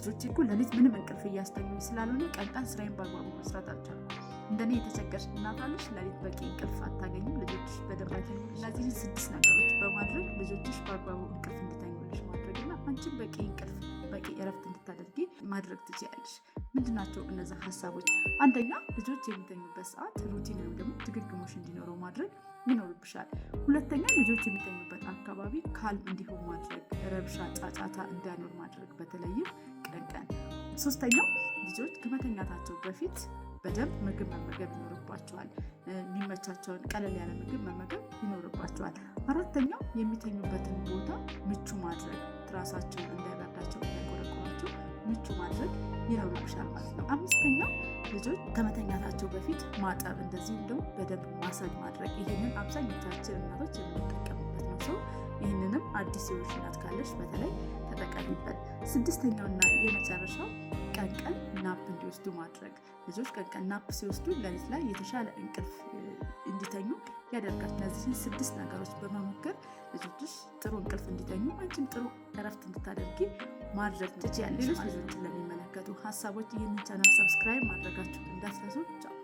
ልጆች እኮ ለሊት ምንም እንቅልፍ እያስተኙ ስላልሆነ ቀን ቀን ስራዬን በአግባቡ መስራት አልቻልኩም። እንደኔ የተቸገረች እናት አለች፣ ለሊት በቂ እንቅልፍ አታገኙም? ልጆችሽ በደንብ አይተኙም። እነዚህን ስድስት ነገሮች በማድረግ ልጆችሽ በአግባቡ እንቅልፍ ማድረግ ማድረግና አንቺን በቂ እንቅልፍ በቂ እረፍት እንድታደርጊ ማድረግ ትችላለሽ። ምንድናቸው እነዚ ሀሳቦች? አንደኛ ልጆች የሚተኙበት ሰዓት ሩቲን ወይም ደግሞ ድግግሞሽ እንዲኖረው ማድረግ ይኖርብሻል። ሁለተኛ ልጆች የሚተኙበት አካባቢ ካልም እንዲሆን ማድረግ፣ ረብሻ፣ ጫጫታ እንዳይኖር ማድረግ በተለይም ቀን ቀን። ሶስተኛው ልጆች ከመተኛታቸው በፊት በደንብ ምግብ መመገብ ይኖርባቸዋል። የሚመቻቸውን ቀለል ያለ ምግብ መመገብ ይኖርባቸዋል። አራተኛው የሚተኙበትን ቦታ ምቹ ማድረግ፣ ትራሳቸውን እንዳይበርዳቸው፣ እንዳይቆረቆራቸው ምቹ ማድረግ ይኖርብሻል ማለት ነው። ልጆች ከመተኛታቸው በፊት ማጠብ፣ እንደዚሁም ደግሞ በደንብ ማሳጅ ማድረግ ይህንን አብዛኞቻችን እናቶች የምንጠቀምበት ነው። ሰው ይህንንም አዲስ የሆነች እናት ካለች በተለይ ተጠቀሚበት። ስድስተኛውና የመጨረሻው ቀን ቀን ናፕ እንዲወስዱ ማድረግ። ልጆች ቀን ቀን ናፕ ሲወስዱ ሌሊት ላይ የተሻለ እንቅልፍ እንዲተኙ ያደርጋል። እነዚህን ስድስት ነገሮች በመሞከር ልጆች ጥሩ እንቅልፍ እንዲተኙ አንቺም ጥሩ እረፍት እንድታደርጊ ማድረግ ትችያለሽ። ማለት ነው። ተመልከቱ ሀሳቦች። ይህንን ቻናል ሰብስክራይብ ማድረጋችሁ እንዳትረሱ። ቻው